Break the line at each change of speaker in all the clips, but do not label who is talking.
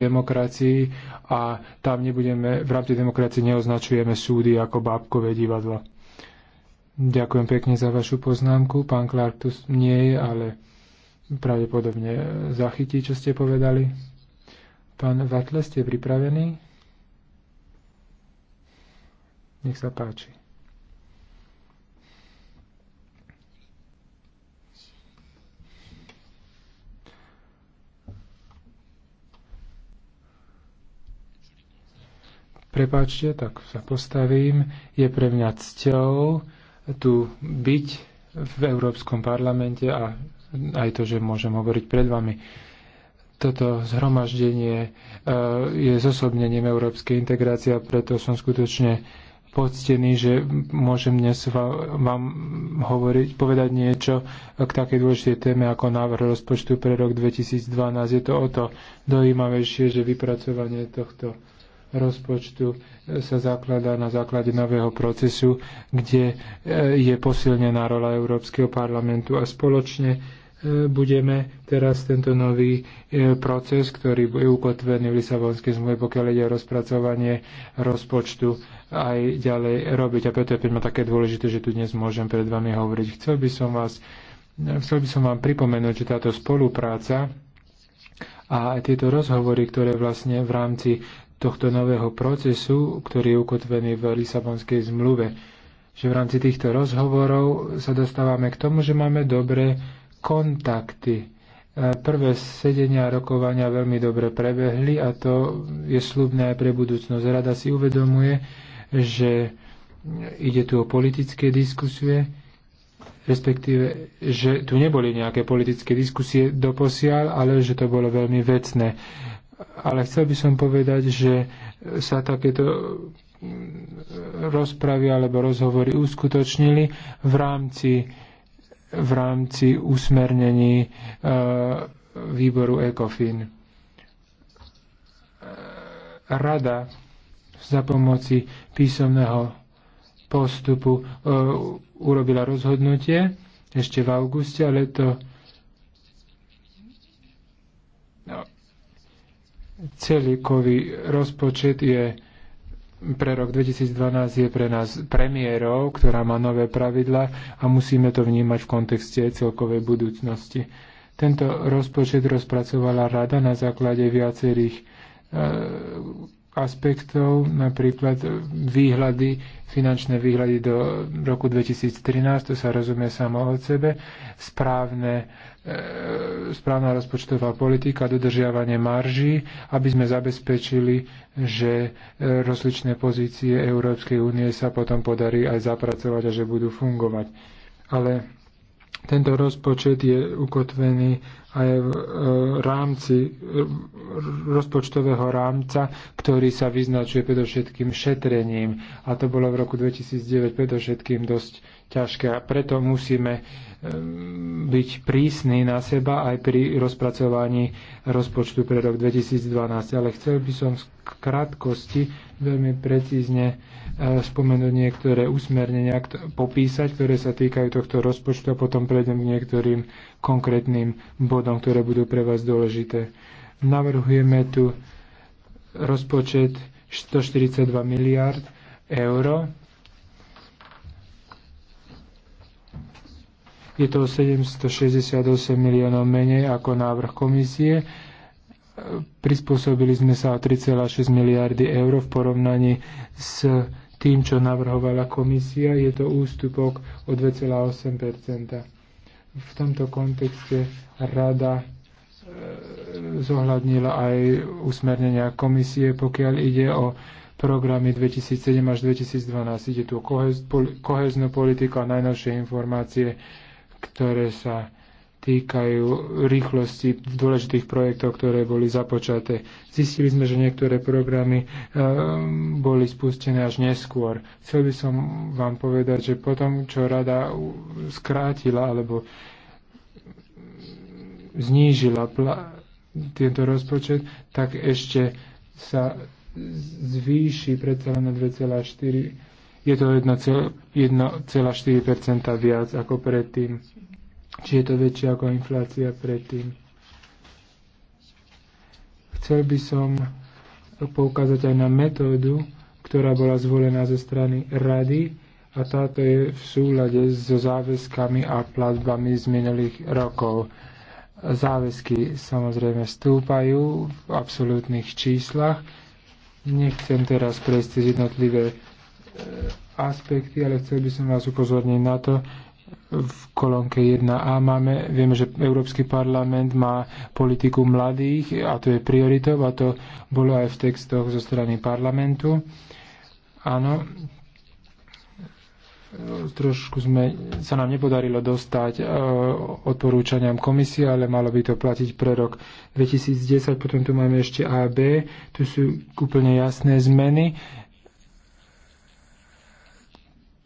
demokracii a tam nebudeme, v rámci demokracie neoznačujeme súdy ako bábkové divadlo. Ďakujem pekne za vašu poznámku. Pán Clark tu nie je, ale pravdepodobne zachytí, čo ste povedali. Pán Vatle, ste pripravení? Nech sa páči. Prepačte, tak sa postavím. Je pre mňa cťou tu byť v Európskom parlamente a aj to, že môžem hovoriť pred vami. Toto zhromaždenie e, je zosobnením európskej integrácie a preto som skutočne poctený, že môžem dnes vám hovoriť, povedať niečo k takej dôležitej téme ako návrh rozpočtu pre rok 2012. Je to o to dojímavejšie, že vypracovanie tohto rozpočtu e, sa zakladá na základe nového procesu, kde e, je posilnená rola Európskeho parlamentu a spoločne e, budeme teraz tento nový proces, ktorý je ukotvený v Lisabonskej zmluve, pokiaľ ide o rozpracovanie rozpočtu aj ďalej robiť. A preto je pre mňa také dôležité, že tu dnes môžem pred vami hovoriť. Chcel by som vás Chcel by som vám pripomenúť, že táto spolupráca a aj tieto rozhovory, ktoré vlastne v rámci tohto nového procesu, ktorý je ukotvený v Lisabonskej zmluve. Že v rámci týchto rozhovorov sa dostávame k tomu, že máme dobré kontakty. E, prvé sedenia a rokovania veľmi dobre prebehli a to je slubné aj pre budúcnosť. Rada si uvedomuje, že ide tu o politické diskusie, respektíve, že tu neboli nejaké politické diskusie doposiaľ, ale že to bolo veľmi vecné ale chcel by som povedať, že sa takéto rozpravy alebo rozhovory uskutočnili v rámci, v rámci usmernení e, výboru ECOFIN. E, rada za pomoci písomného postupu e, urobila rozhodnutie ešte v auguste, ale to Celikový rozpočet je pre rok 2012 je pre nás premiérou, ktorá má nové pravidla a musíme to vnímať v kontexte celkovej budúcnosti. Tento rozpočet rozpracovala rada na základe viacerých e, aspektov, napríklad výhľady, finančné výhľady do roku 2013, to sa rozumie samo od sebe, správne, e, správna rozpočtová politika, dodržiavanie marží, aby sme zabezpečili, že e, rozličné pozície Európskej únie sa potom podarí aj zapracovať a že budú fungovať. Ale tento rozpočet je ukotvený aj v e, rámci e, rozpočtového rámca, ktorý sa vyznačuje predovšetkým šetrením. A to bolo v roku 2009 predovšetkým dosť ťažké. A preto musíme e, byť prísni na seba aj pri rozpracovaní rozpočtu pre rok 2012. Ale chcel by som v krátkosti veľmi precízne spomenúť niektoré usmernenia, popísať, ktoré sa týkajú tohto rozpočtu a potom prejdem k niektorým konkrétnym bodom základom, ktoré budú pre vás dôležité. Navrhujeme tu rozpočet 142 miliard eur. Je to 768 miliónov menej ako návrh komisie. Prispôsobili sme sa o 3,6 miliardy eur v porovnaní s tým, čo navrhovala komisia. Je to ústupok o 2,8 v tomto kontexte rada e, zohľadnila aj usmernenia komisie, pokiaľ ide o programy 2007 až 2012. Ide tu o koheznú politiku a najnovšie informácie, ktoré sa týkajú rýchlosti dôležitých projektov, ktoré boli započaté. Zistili sme, že niektoré programy e, boli spustené až neskôr. Chcel by som vám povedať, že potom, čo rada skrátila alebo znížila tento rozpočet, tak ešte sa zvýši predsa len na 2,4 je to 1,4 viac ako predtým. Či je to väčšie ako inflácia predtým. Chcel by som poukázať aj na metódu, ktorá bola zvolená zo strany rady a táto je v súlade so záväzkami a platbami z minulých rokov. Záväzky samozrejme stúpajú v absolútnych číslach. Nechcem teraz prejsť cez jednotlivé e, aspekty, ale chcel by som vás upozorniť na to, v kolónke 1a máme, vieme, že Európsky parlament má politiku mladých a to je prioritou a to bolo aj v textoch zo strany parlamentu. Áno, trošku sme, sa nám nepodarilo dostať e, odporúčaniam komisie, ale malo by to platiť pre rok 2010. Potom tu máme ešte A a B. Tu sú úplne jasné zmeny.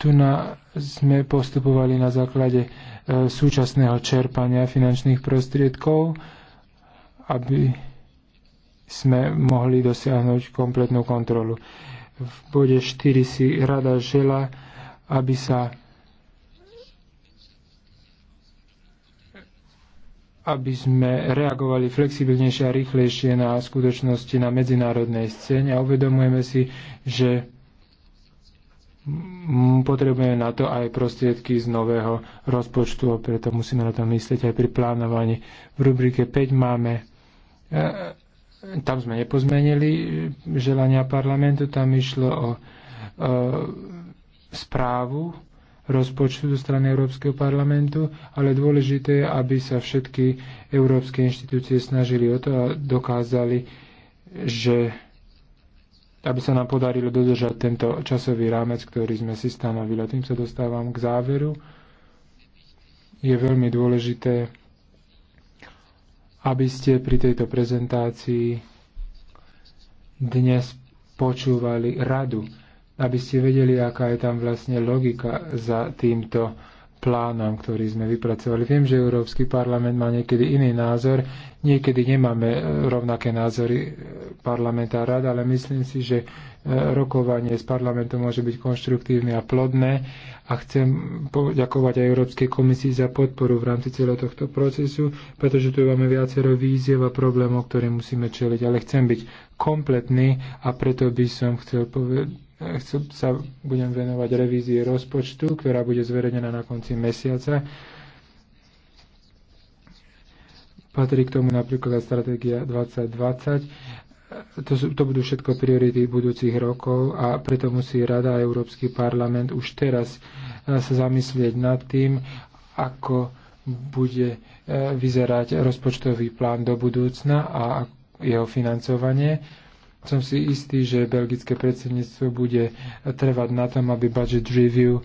Tu na, sme postupovali na základe e, súčasného čerpania finančných prostriedkov, aby sme mohli dosiahnuť kompletnú kontrolu. V bode 4 si rada žela, aby sa aby sme reagovali flexibilnejšie a rýchlejšie na skutočnosti na medzinárodnej scéne a uvedomujeme si, že potrebujeme na to aj prostriedky z nového rozpočtu, preto musíme na to myslieť aj pri plánovaní. V rubrike 5 máme, e, tam sme nepozmenili e, želania parlamentu, tam išlo o e, správu rozpočtu zo strany Európskeho parlamentu, ale dôležité je, aby sa všetky európske inštitúcie snažili o to a dokázali, že aby sa nám podarilo dodržať tento časový rámec, ktorý sme si stanovili. A tým sa dostávam k záveru. Je veľmi dôležité, aby ste pri tejto prezentácii dnes počúvali radu aby ste vedeli, aká je tam vlastne logika za týmto plánom, ktorý sme vypracovali. Viem, že Európsky parlament má niekedy iný názor, niekedy nemáme e, rovnaké názory e, a rad, ale myslím si, že e, rokovanie s parlamentom môže byť konštruktívne a plodné a chcem poďakovať aj Európskej komisii za podporu v rámci celého tohto procesu, pretože tu máme viacero víziev a problémov, ktoré musíme čeliť, ale chcem byť kompletný a preto by som chcel povedať, chcú, sa budem venovať revízii rozpočtu, ktorá bude zverejnená na konci mesiaca. Patrí k tomu napríklad aj stratégia 2020 to, sú, to budú všetko priority budúcich rokov a preto musí Rada a Európsky parlament už teraz eh, sa zamyslieť nad tým, ako bude eh, vyzerať rozpočtový plán do budúcna a jeho financovanie som si istý, že belgické predsedníctvo bude trvať na tom, aby budget review eh,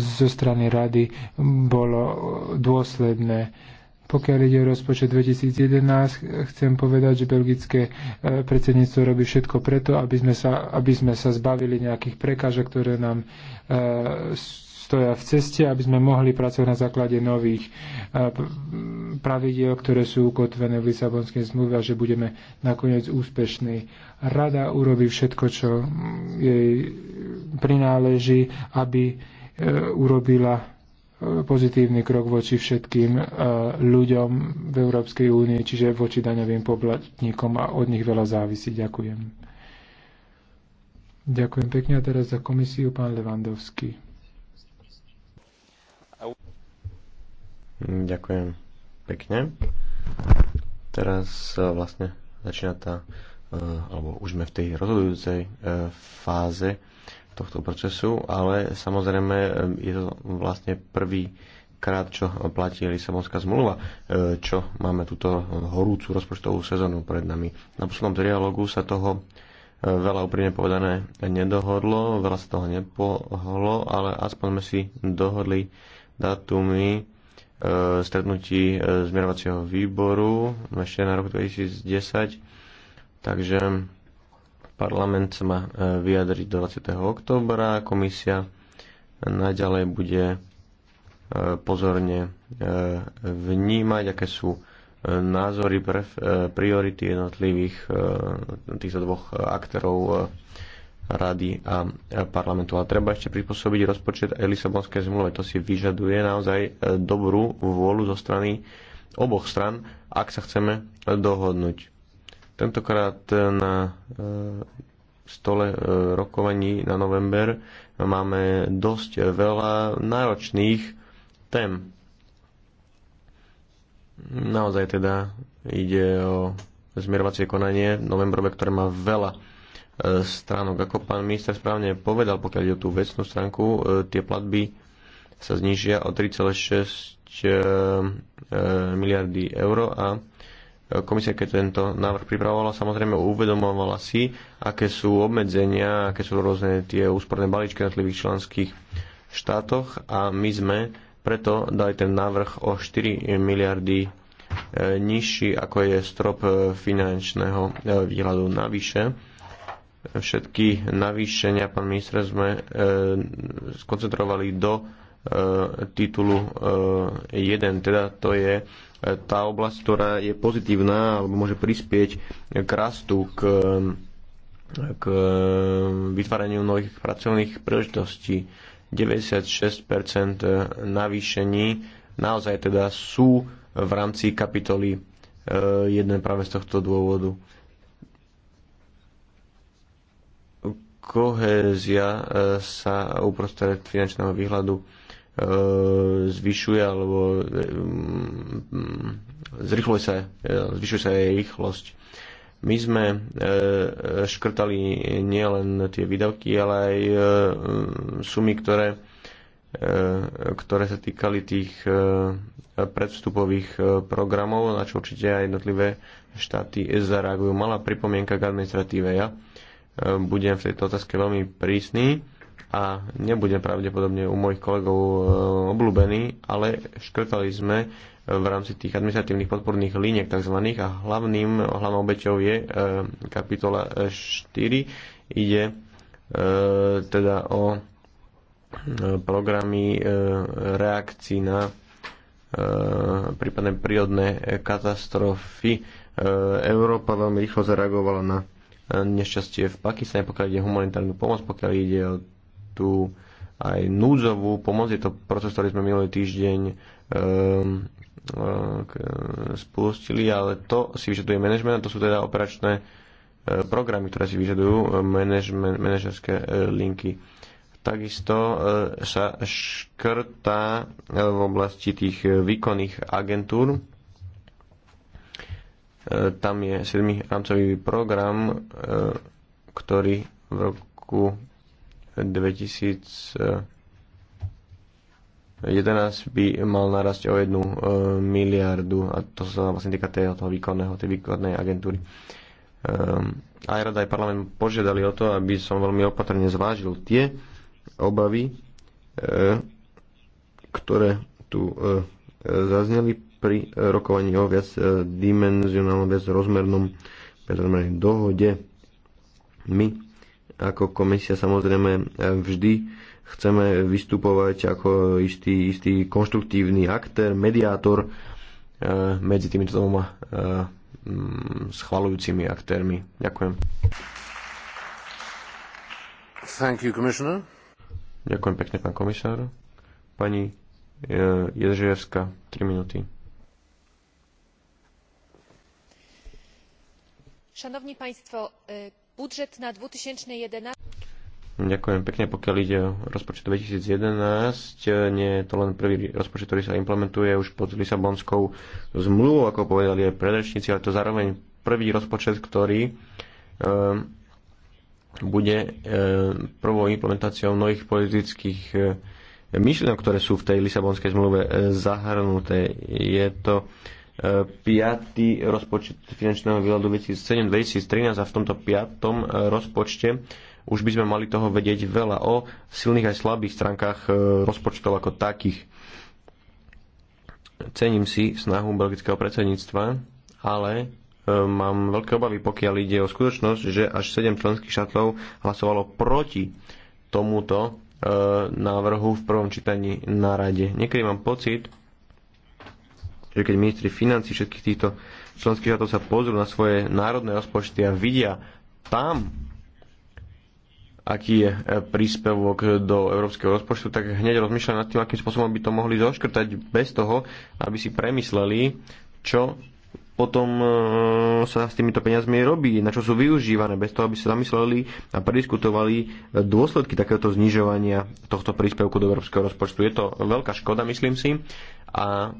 zo strany rady bolo dôsledné. Pokiaľ ide o rozpočet 2011, chcem povedať, že belgické eh, predsedníctvo robí všetko preto, aby sme sa, aby sme sa zbavili nejakých prekážok, ktoré nám eh, stoja v ceste, aby sme mohli pracovať na základe nových e, pravidiel, ktoré sú ukotvené v Lisabonskej zmluve a že budeme nakoniec úspešní. Rada urobí všetko, čo jej prináleží, aby e, urobila e, pozitívny krok voči všetkým ľuďom v Európskej únie, čiže voči daňovým poplatníkom a od nich veľa závisí. Ďakujem. Ďakujem pekne a teraz za komisiu pán Levandovský.
Ďakujem pekne. Teraz e, vlastne začína tá, e, alebo už sme v tej rozhodujúcej e, fáze tohto procesu, ale samozrejme je to vlastne prvý krát, čo platí Lisabonská zmluva, čo máme túto horúcu rozpočtovú sezónu pred nami. Na poslednom trialógu sa toho veľa úprimne povedané nedohodlo, veľa sa toho nepohlo, ale aspoň sme si dohodli datumy E, stretnutí e, zmierovacieho výboru ešte na rok 2010. Takže parlament sa má e, vyjadriť do 20. oktobra. Komisia naďalej bude pozorne vnímať, aké sú názory, pref, priority jednotlivých týchto dvoch aktérov rady a parlamentu. A treba ešte prispôsobiť rozpočet aj Lisabonskej zmluve. To si vyžaduje naozaj e, dobrú vôľu zo strany oboch stran, ak sa chceme dohodnúť. Tentokrát e, na e, stole rokovaní na november máme dosť veľa náročných tém. Naozaj teda ide o zmierovacie konanie novembrové, ktoré má veľa stránok. Ako pán minister správne povedal, pokiaľ ide o tú vecnú stránku, e, tie platby sa znižia o 3,6 e, e, miliardy eur a komisia, keď tento návrh pripravovala, samozrejme uvedomovala si, aké sú obmedzenia, aké sú rôzne tie úsporné balíčky na tlivých členských štátoch a my sme preto dali ten návrh o 4 miliardy nižší, ako je strop finančného výhľadu. Navyše, všetky navýšenia, pán minister, sme e, skoncentrovali do e, titulu 1, e, teda to je tá oblasť, ktorá je pozitívna alebo môže prispieť k rastu, k, k vytváraniu nových pracovných príležitostí. 96% navýšení naozaj teda sú v rámci kapitoly 1 práve z tohto dôvodu. kohézia e, sa uprostred finančného výhľadu e, zvyšuje alebo e, mm, zrychluje sa, zvyšuje sa jej rýchlosť. My sme škrtali nielen tie výdavky, ale aj sumy, ktoré, ktoré sa týkali tých predvstupových programov, na čo určite aj jednotlivé štáty zareagujú. Malá pripomienka k administratíve. Ja Ehm, budem v tejto otázke veľmi prísny a nebudem pravdepodobne u mojich kolegov ehm, obľúbený, ale škrtali sme ehm, v rámci tých administratívnych podporných líniek tzv. a hlavným, hlavnou obeťou je kapitola 4, ide teda o programy reakcií na prípadne prírodné katastrofy. Európa veľmi rýchlo zareagovala na nešťastie v Pakistane, pokiaľ ide o humanitárnu pomoc, pokiaľ ide o tú aj núdzovú pomoc. Je to proces, ktorý sme minulý týždeň um, um spustili, ale to si vyžaduje manažment a to sú teda operačné e, programy, ktoré si vyžadujú e, manažerské e, linky. Takisto sa škrta v oblasti tých výkonných agentúr, E, tam je 7. rámcový program, e, ktorý v roku 2011 by mal narasť o jednu e, miliardu a to sa vlastne týka tej, toho výkonného, tej výkonnej agentúry. Aj rada, aj parlament požiadali o to, aby som veľmi opatrne zvážil tie obavy, ktoré tu zazneli pri rokovaní o viac e, dimenzionálnom, viac rozmernom dohode. My ako komisia samozrejme e, vždy chceme vystupovať ako istý, istý konštruktívny aktér, mediátor e, medzi týmito dvoma mm, schvalujúcimi aktérmi. Ďakujem.
Thank you, Commissioner.
Ďakujem pekne, pán komisár. Pani Ježejevská, 3 minúty.
budžet na 2011
Ďakujem pekne, pokiaľ ide o rozpočet 2011. E, nie je to len prvý rozpočet, ktorý sa implementuje už pod Lisabonskou zmluvou, ako povedali aj predrečníci, ale to zároveň prvý rozpočet, ktorý um, bude e, prvou implementáciou mnohých politických myšlienok, ktoré sú v tej Lisabonskej zmluve zahrnuté. Je to piatý rozpočet finančného výhľadu 2007-2013 a v tomto piatom e, rozpočte už by sme mali toho vedieť veľa o silných aj slabých stránkach e, rozpočtov ako takých. Cením si snahu belgického predsedníctva, ale e, mám veľké obavy, pokiaľ ide o skutočnosť, že až 7 členských štátov hlasovalo proti tomuto návrhu v prvom čítaní na rade. Niekedy mám pocit, že keď ministri financí všetkých týchto členských štátov sa pozrú na svoje národné rozpočty a vidia tam, aký je e, príspevok do európskeho rozpočtu, tak hneď rozmýšľajú nad tým, akým spôsobom by to mohli zoškrtať bez toho, aby si premysleli, čo potom e, sa s týmito peniazmi robí, na čo sú využívané, bez toho, aby sa zamysleli a prediskutovali e, dôsledky takéhoto znižovania tohto príspevku do európskeho rozpočtu. Je to veľká škoda, myslím si, a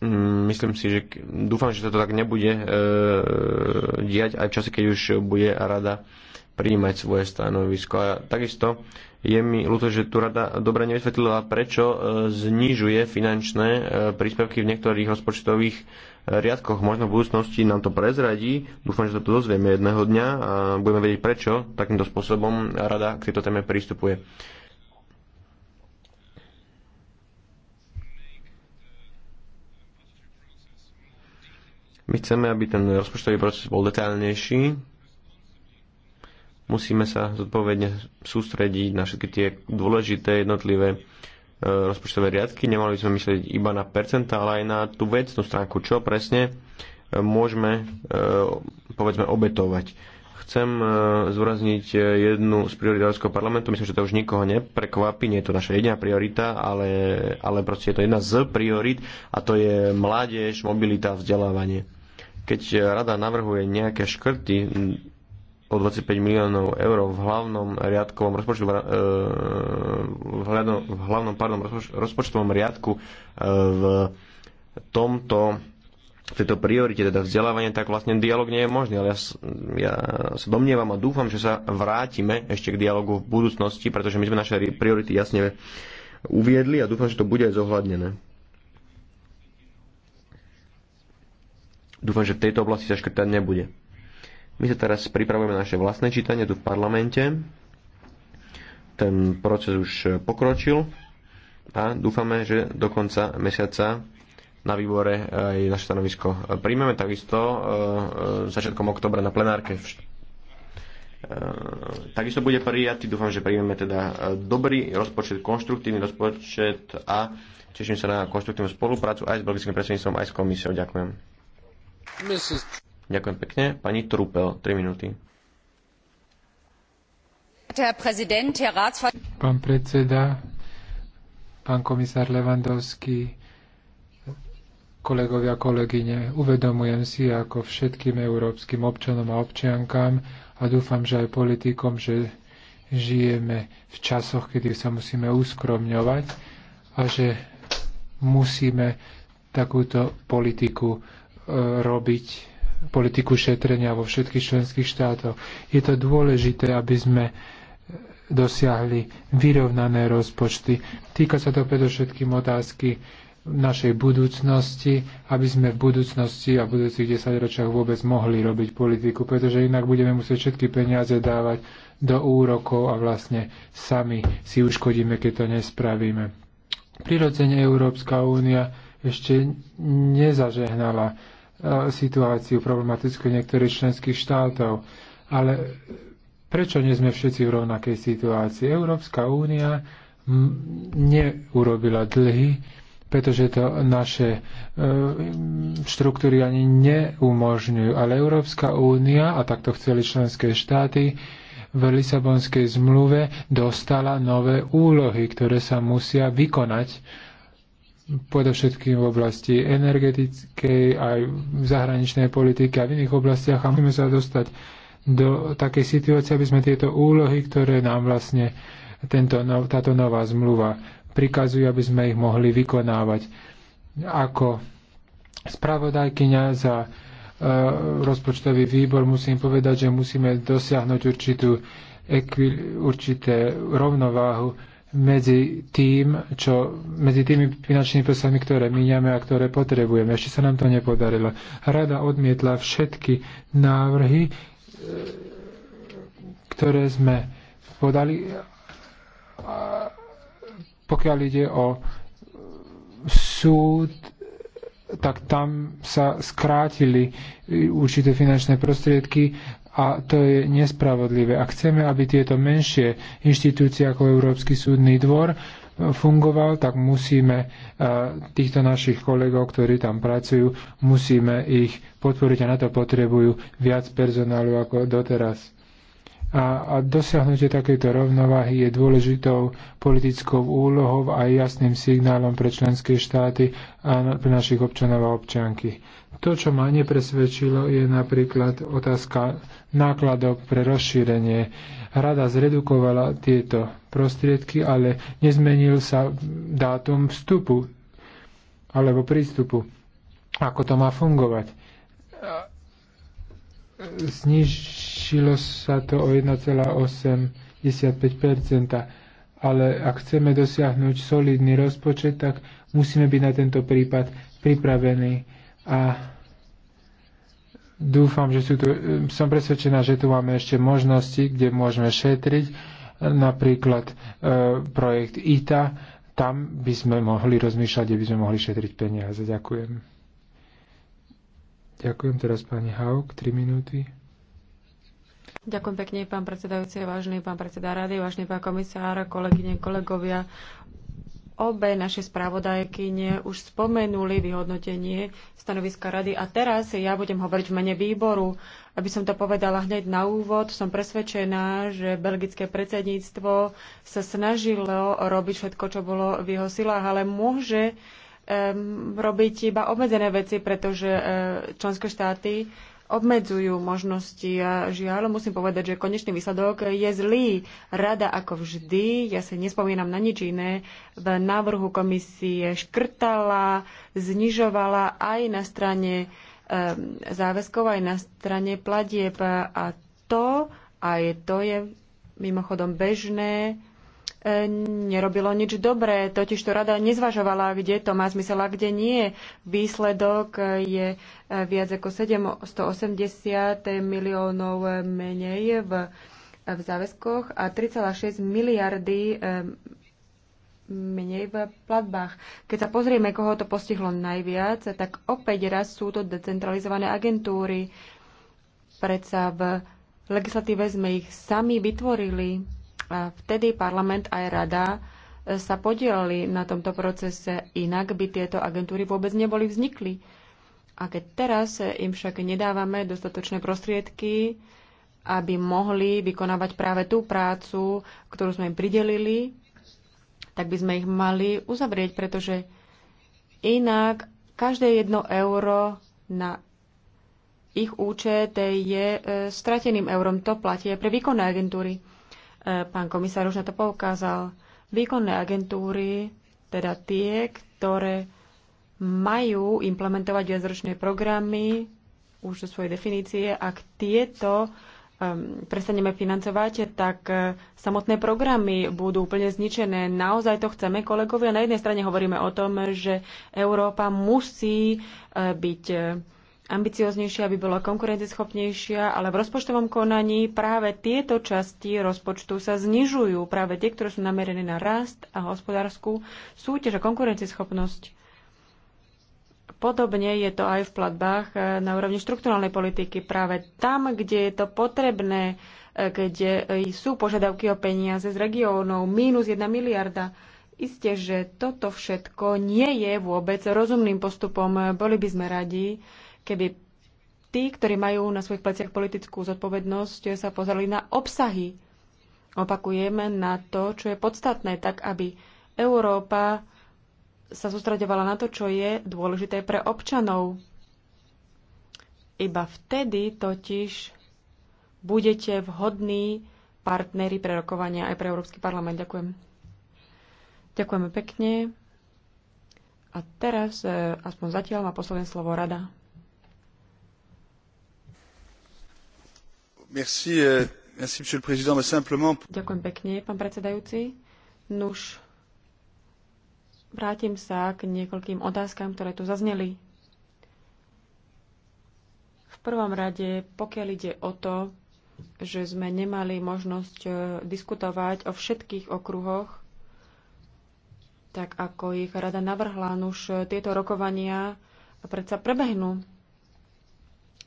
Mm, myslím si, že dúfam, že sa to tak nebude e, diať aj v čase, keď už bude rada prijímať svoje stanovisko. A takisto je mi ľúto, že tu rada dobre nevysvetlila, prečo e, znižuje finančné e, príspevky v niektorých rozpočtových e, riadkoch. Možno v budúcnosti nám to prezradí. Dúfam, že sa to dozvieme jedného dňa a budeme vedieť, prečo takýmto spôsobom rada k tejto téme prístupuje. My chceme, aby ten rozpočtový proces bol detailnejší. Musíme sa zodpovedne sústrediť na všetky tie dôležité jednotlivé e, rozpočtové riadky. Nemali by sme myslieť iba na percentá, ale aj na tú vecnú stránku, čo presne e, môžeme e, povedzme obetovať. Chcem zúrazniť jednu z priorit Európskeho parlamentu. Myslím, že to už nikoho neprekvapí. Nie je to naša jediná priorita, ale, ale proste je to jedna z priorit a to je mládež, mobilita, vzdelávanie keď rada navrhuje nejaké škrty o 25 miliónov eur v hlavnom riadkovom rozpočtu, v e, hlavnom, v hlavnom pardon, rozpočtovom riadku e, v tomto v tejto priorite, teda vzdelávanie, tak vlastne dialog nie je možný. Ale ja, ja sa domnievam a dúfam, že sa vrátime ešte k dialogu v budúcnosti, pretože my sme naše priority jasne uviedli a dúfam, že to bude aj zohľadnené. Dúfam, že v tejto oblasti sa škrtať nebude. My sa teraz pripravujeme naše vlastné čítanie tu v parlamente. Ten proces už pokročil a dúfame, že do konca mesiaca na výbore aj naše stanovisko príjmeme. Takisto e, e, začiatkom oktobra na plenárke e, takisto bude prijatý. Dúfam, že príjmeme teda dobrý rozpočet, konštruktívny rozpočet a teším sa na konštruktívnu spoluprácu aj s belgickým predsedníctvom, aj s komisiou. Ďakujem. Ďakujem pekne.
Pani Trupel, 3 minúty. Pán predseda, pán komisár Levandovský, kolegovia, kolegyne, uvedomujem si ako všetkým európskym občanom a občiankám a dúfam, že aj politikom, že žijeme v časoch, kedy sa musíme uskromňovať a že musíme takúto politiku robiť politiku šetrenia vo všetkých členských štátoch. Je to dôležité, aby sme dosiahli vyrovnané rozpočty. Týka sa to predovšetkým otázky našej budúcnosti, aby sme v budúcnosti a v budúcich desaťročiach vôbec mohli robiť politiku, pretože inak budeme musieť všetky peniaze dávať do úrokov a vlastne sami si uškodíme, keď to nespravíme. Prirodzene Európska únia ešte nezažehnala e, situáciu problematickú niektorých členských štátov. Ale prečo nie sme všetci v rovnakej situácii? Európska únia neurobila dlhy, pretože to naše e, štruktúry ani neumožňujú. Ale Európska únia, a takto chceli členské štáty, v Lisabonskej zmluve dostala nové úlohy, ktoré sa musia vykonať predovšetkým v oblasti energetickej, aj v zahraničnej politike a v iných oblastiach a musíme sa dostať do takej situácie, aby sme tieto úlohy, ktoré nám vlastne tento, táto nová zmluva prikazuje, aby sme ich mohli vykonávať. Ako spravodajkyňa za e, rozpočtový výbor musím povedať, že musíme dosiahnuť určitú, ekvi, určité rovnováhu medzi, tým, čo, medzi tými finančnými prostriedkami, ktoré míňame a ktoré potrebujeme. Ešte sa nám to nepodarilo. Rada odmietla všetky návrhy, e, ktoré sme podali, pokiaľ ide o súd, tak tam sa skrátili určité finančné prostriedky a to je nespravodlivé. Ak chceme, aby tieto menšie inštitúcie ako Európsky súdny dvor e, fungoval, tak musíme e, týchto našich kolegov, ktorí tam pracujú, musíme ich podporiť a na to potrebujú viac personálu ako doteraz. A, a dosiahnutie takéto rovnováhy je dôležitou politickou úlohou a jasným signálom pre členské štáty a pre našich občanov a občianky. To, čo ma nepresvedčilo, je napríklad otázka nákladov pre rozšírenie. Rada zredukovala tieto prostriedky, ale nezmenil sa dátum vstupu alebo prístupu. Ako to má fungovať? Zniž, zvýšilo sa to o 1,85 ale ak chceme dosiahnuť solidný rozpočet, tak musíme byť na tento prípad pripravení. A dúfam, že sú tu, som presvedčená, že tu máme ešte možnosti, kde môžeme šetriť, napríklad e, projekt ITA, tam by sme mohli rozmýšľať, kde by sme mohli šetriť peniaze. Ďakujem. Ďakujem teraz pani Haug, 3 minúty.
Ďakujem pekne, pán predsedajúci, vážený pán predseda rady, vážený pán komisár, kolegyne, kolegovia. Obe naše správodajky už spomenuli vyhodnotenie stanoviska rady a teraz ja budem hovoriť v mene výboru. Aby som to povedala hneď na úvod, som presvedčená, že belgické predsedníctvo sa snažilo robiť všetko, čo bolo v jeho silách, ale môže um, robiť iba obmedzené veci, pretože uh, členské štáty obmedzujú možnosti. A žiaľ, musím povedať, že konečný výsledok je zlý. Rada ako vždy, ja si nespomínam na nič iné, v návrhu komisie škrtala, znižovala aj na strane záväzkov, aj na strane platieb. A to, aj to je mimochodom bežné nerobilo nič dobré, totiž to rada nezvažovala, kde to má zmysel a kde nie. Výsledok je viac ako 780 miliónov menej v, v záväzkoch a 3,6 miliardy menej v platbách. Keď sa pozrieme, koho to postihlo najviac, tak opäť raz sú to decentralizované agentúry. Predsa v legislatíve sme ich sami vytvorili a vtedy parlament aj rada e, sa podielali na tomto procese, inak by tieto agentúry vôbec neboli vznikli. A keď teraz e, im však nedávame dostatočné prostriedky, aby mohli vykonávať práve tú prácu, ktorú sme im pridelili, tak by sme ich mali uzavrieť, pretože inak každé jedno euro na ich účet je e, strateným eurom. To platí aj pre výkonné agentúry. E, pán komisár už na to poukázal. Výkonné agentúry, teda tie, ktoré majú implementovať viacročné programy už do svojej definície. Ak tieto um, prestaneme financovať, tak uh, samotné programy budú úplne zničené. Naozaj to chceme, kolegovia. Na jednej strane hovoríme o tom, že Európa musí uh, byť uh, ambicioznejšia, aby bola konkurenceschopnejšia, ale v rozpočtovom konaní práve tieto časti rozpočtu sa znižujú, práve tie, ktoré sú namerené na rast a hospodárskú súťaž a konkurenceschopnosť. Podobne je to aj v platbách e, na úrovni štruktúralnej politiky. Práve tam, kde je to potrebné, e, kde e, sú požiadavky o peniaze z regiónov, mínus 1 miliarda, Isté, že toto všetko nie je vôbec rozumným postupom. Boli by sme radi, keby tí, ktorí majú na svojich pleciach politickú zodpovednosť, sa pozerali na obsahy. Opakujeme na to, čo je podstatné, tak aby Európa sa sústredovala na to, čo je dôležité pre občanov. Iba vtedy totiž budete vhodní partnery pre rokovania aj pre Európsky parlament. Ďakujem. Ďakujeme pekne. A teraz, e, aspoň zatiaľ, má posledné slovo rada.
Merci, e, merci, monsieur le président, mais simplement...
Ďakujem pekne, pán predsedajúci. Nuž, vrátim sa k niekoľkým otázkam, ktoré tu zazneli. V prvom rade, pokiaľ ide o to, že sme nemali možnosť e, diskutovať o všetkých okruhoch tak ako ich rada navrhla. už tieto rokovania predsa prebehnú.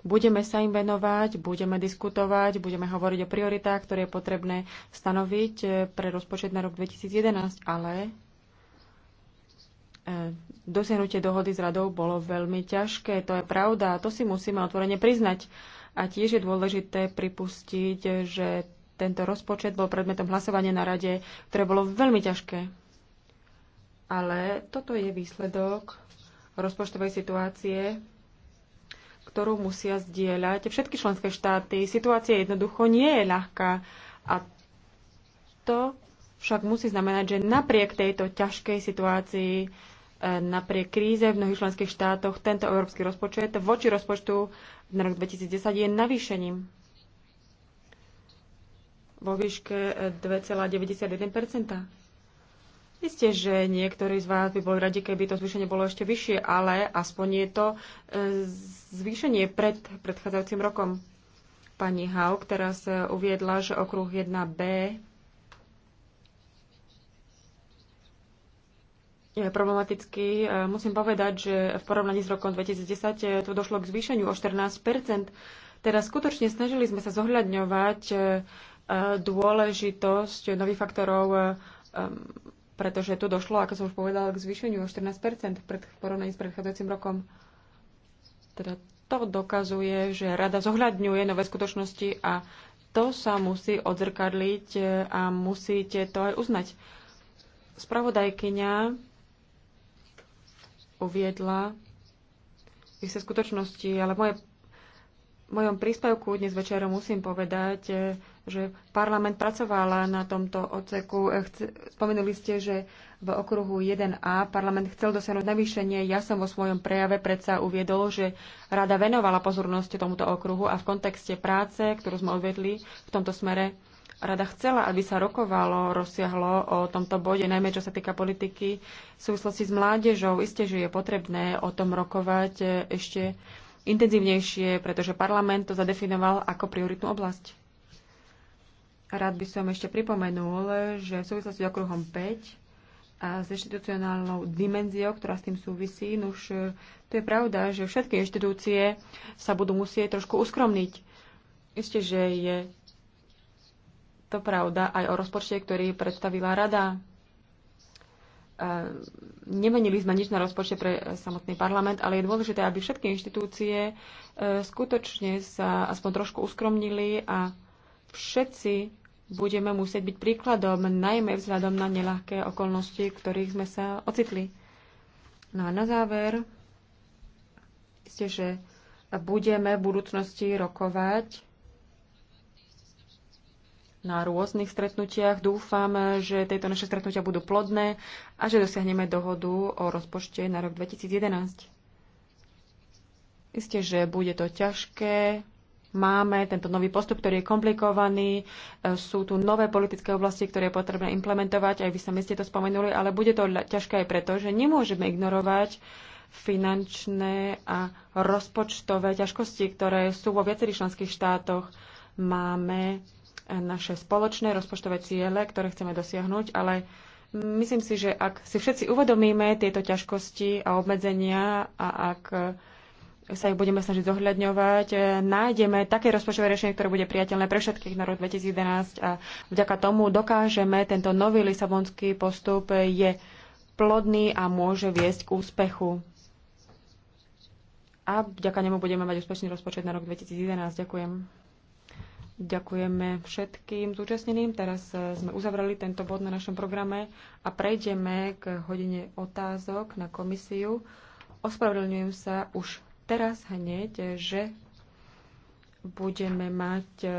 Budeme sa im venovať, budeme diskutovať, budeme hovoriť o prioritách, ktoré je potrebné stanoviť eh, pre rozpočet na rok 2011, ale eh, dosiahnutie dohody s radou bolo veľmi ťažké. To je pravda a to si musíme otvorene priznať. A tiež je dôležité pripustiť, že tento rozpočet bol predmetom hlasovania na rade, ktoré bolo veľmi ťažké ale toto je výsledok rozpočtovej situácie, ktorú musia zdieľať všetky členské štáty. Situácia jednoducho nie je ľahká a to však musí znamenať, že napriek tejto ťažkej situácii, e, napriek kríze v mnohých členských štátoch, tento európsky rozpočet voči rozpočtu na rok 2010 je navýšením vo výške 2,91 e, Isté, že niektorí z vás by boli radi, keby to zvýšenie bolo ešte vyššie, ale aspoň je to e, zvýšenie pred predchádzajúcim rokom. Pani Haug teraz e, uviedla, že okruh 1b je problematický. E, musím povedať, že v porovnaní s rokom 2010 tu došlo k zvýšeniu o 14 Teda skutočne snažili sme sa zohľadňovať dôležitosť nových faktorov pretože tu došlo, ako som už povedala, k zvýšeniu o 14 v porovnaní s predchádzajúcim rokom. Teda to dokazuje, že rada zohľadňuje nové skutočnosti a to sa musí odzrkadliť a musíte to aj uznať. Spravodajkyňa uviedla isté skutočnosti, ale moje, v mojom príspevku dnes večer musím povedať, že parlament pracovala na tomto odseku. Spomenuli ste, že v okruhu 1a parlament chcel dosiahnuť navýšenie. Ja som vo svojom prejave predsa uviedol, že rada venovala pozornosť tomuto okruhu a v kontexte práce, ktorú sme odvedli v tomto smere, rada chcela, aby sa rokovalo, rozsiahlo o tomto bode, najmä čo sa týka politiky v súvislosti s mládežou. Isté, že je potrebné o tom rokovať ešte intenzívnejšie, pretože parlament to zadefinoval ako prioritnú oblasť. Rád by som ešte pripomenul, že v súvislosti s okruhom 5 a s inštitucionálnou dimenziou, ktorá s tým súvisí, už e, to je pravda, že všetky inštitúcie sa budú musieť trošku uskromniť. Isté, že je to pravda aj o rozpočte, ktorý predstavila rada. E, nemenili sme nič na rozpočte pre samotný parlament, ale je dôležité, aby všetky inštitúcie e, skutočne sa aspoň trošku uskromnili a všetci budeme musieť byť príkladom, najmä vzhľadom na nelahké okolnosti, v ktorých sme sa ocitli. No a na záver, ste, že budeme v budúcnosti rokovať na rôznych stretnutiach. Dúfam, že tieto naše stretnutia budú plodné a že dosiahneme dohodu o rozpočte na rok 2011. Isté, že bude to ťažké, máme tento nový postup, ktorý je komplikovaný, e, sú tu nové politické oblasti, ktoré je potrebné implementovať, aj vy sami ste to spomenuli, ale bude to ťažké aj preto, že nemôžeme ignorovať finančné a rozpočtové ťažkosti, ktoré sú vo viacerých členských štátoch. Máme e, naše spoločné rozpočtové ciele, ktoré chceme dosiahnuť, ale myslím si, že ak si všetci uvedomíme tieto ťažkosti a obmedzenia a ak sa ich budeme snažiť zohľadňovať, e, nájdeme také rozpočtové riešenie, ktoré bude priateľné pre všetkých na rok 2011 a vďaka tomu dokážeme, tento nový lisabonský postup e, je plodný a môže viesť k úspechu. A vďaka nemu budeme mať úspešný rozpočet na rok 2011. Ďakujem. Ďakujeme všetkým zúčastneným. Teraz e, sme uzavreli tento bod na našom programe a prejdeme k hodine otázok na komisiu. Ospravedlňujem sa už teraz hneď, že budeme mať eh,